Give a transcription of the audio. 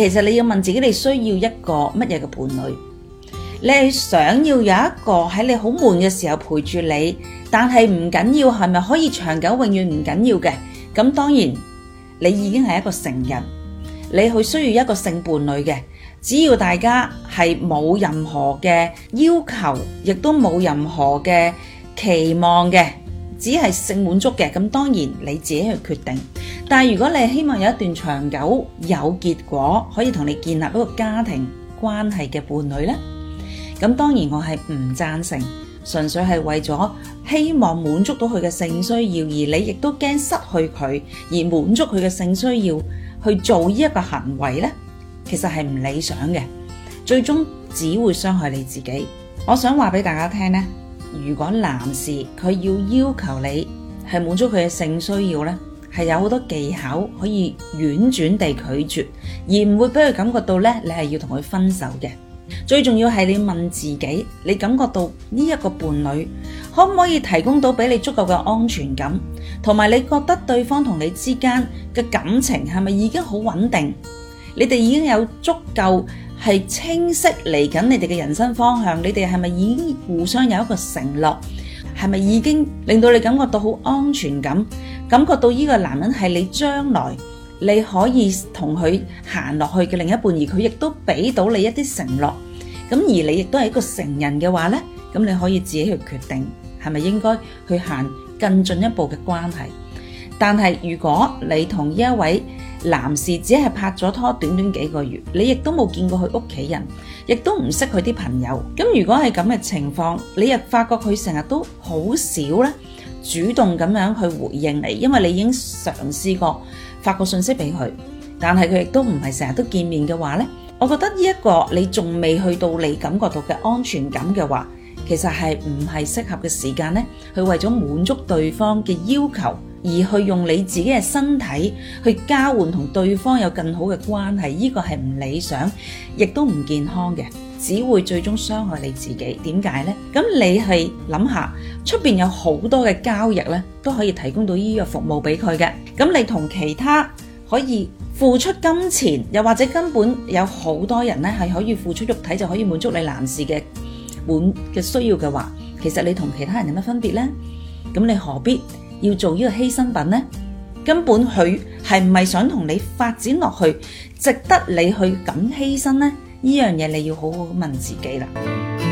其實你要問自己，你需要一個乜嘢嘅伴侶？你係想要有一個喺你好悶嘅時候陪住你，但係唔緊要，係咪可以長久永遠唔緊要嘅？咁當然，你已經係一個成人，你去需要一個性伴侶嘅。只要大家係冇任何嘅要求，亦都冇任何嘅期望嘅。只係性滿足嘅，咁當然你自己去決定。但係如果你希望有一段長久有結果，可以同你建立一個家庭關係嘅伴侶呢，咁當然我係唔贊成。純粹係為咗希望滿足到佢嘅性需要，而你亦都驚失去佢而滿足佢嘅性需要去做呢一個行為呢，其實係唔理想嘅，最終只會傷害你自己。我想話俾大家聽呢。如果男士佢要要求你係滿足佢嘅性需要咧，係有好多技巧可以婉轉地拒絕，而唔會俾佢感覺到咧，你係要同佢分手嘅。最重要係你問自己，你感覺到呢一個伴侶可唔可以提供到俾你足夠嘅安全感，同埋你覺得對方同你之間嘅感情係咪已經好穩定？你哋已經有足夠。係清晰嚟緊你哋嘅人生方向，你哋係咪已經互相有一個承諾？係咪已經令到你感覺到好安全感？感覺到呢個男人係你將來你可以同佢行落去嘅另一半，而佢亦都俾到你一啲承諾。咁而你亦都係一個成人嘅話呢，咁你可以自己去決定係咪應該去行更進一步嘅關係。但係如果你同呢一位，男士只係拍咗拖短短幾個月，你亦都冇見過佢屋企人，亦都唔識佢啲朋友。咁如果係咁嘅情況，你又發覺佢成日都好少咧主動咁樣去回應你，因為你已經嘗試過發個信息俾佢，但係佢亦都唔係成日都見面嘅話咧，我覺得呢一個你仲未去到你感覺到嘅安全感嘅話，其實係唔係適合嘅時間咧去為咗滿足對方嘅要求。而去用你自己嘅身體去交換同對方有更好嘅關係，呢個係唔理想，亦都唔健康嘅，只會最終傷害你自己。點解呢？咁你係諗下，出邊有好多嘅交易呢，都可以提供到呢個服務俾佢嘅。咁你同其他可以付出金錢，又或者根本有好多人呢係可以付出肉體就可以滿足你男士嘅滿嘅需要嘅話，其實你同其他人有乜分別呢？咁你何必，要做呢個犧牲品呢，根本佢係唔係想同你發展落去，值得你去咁犧牲呢？呢樣嘢你要好好問自己喇。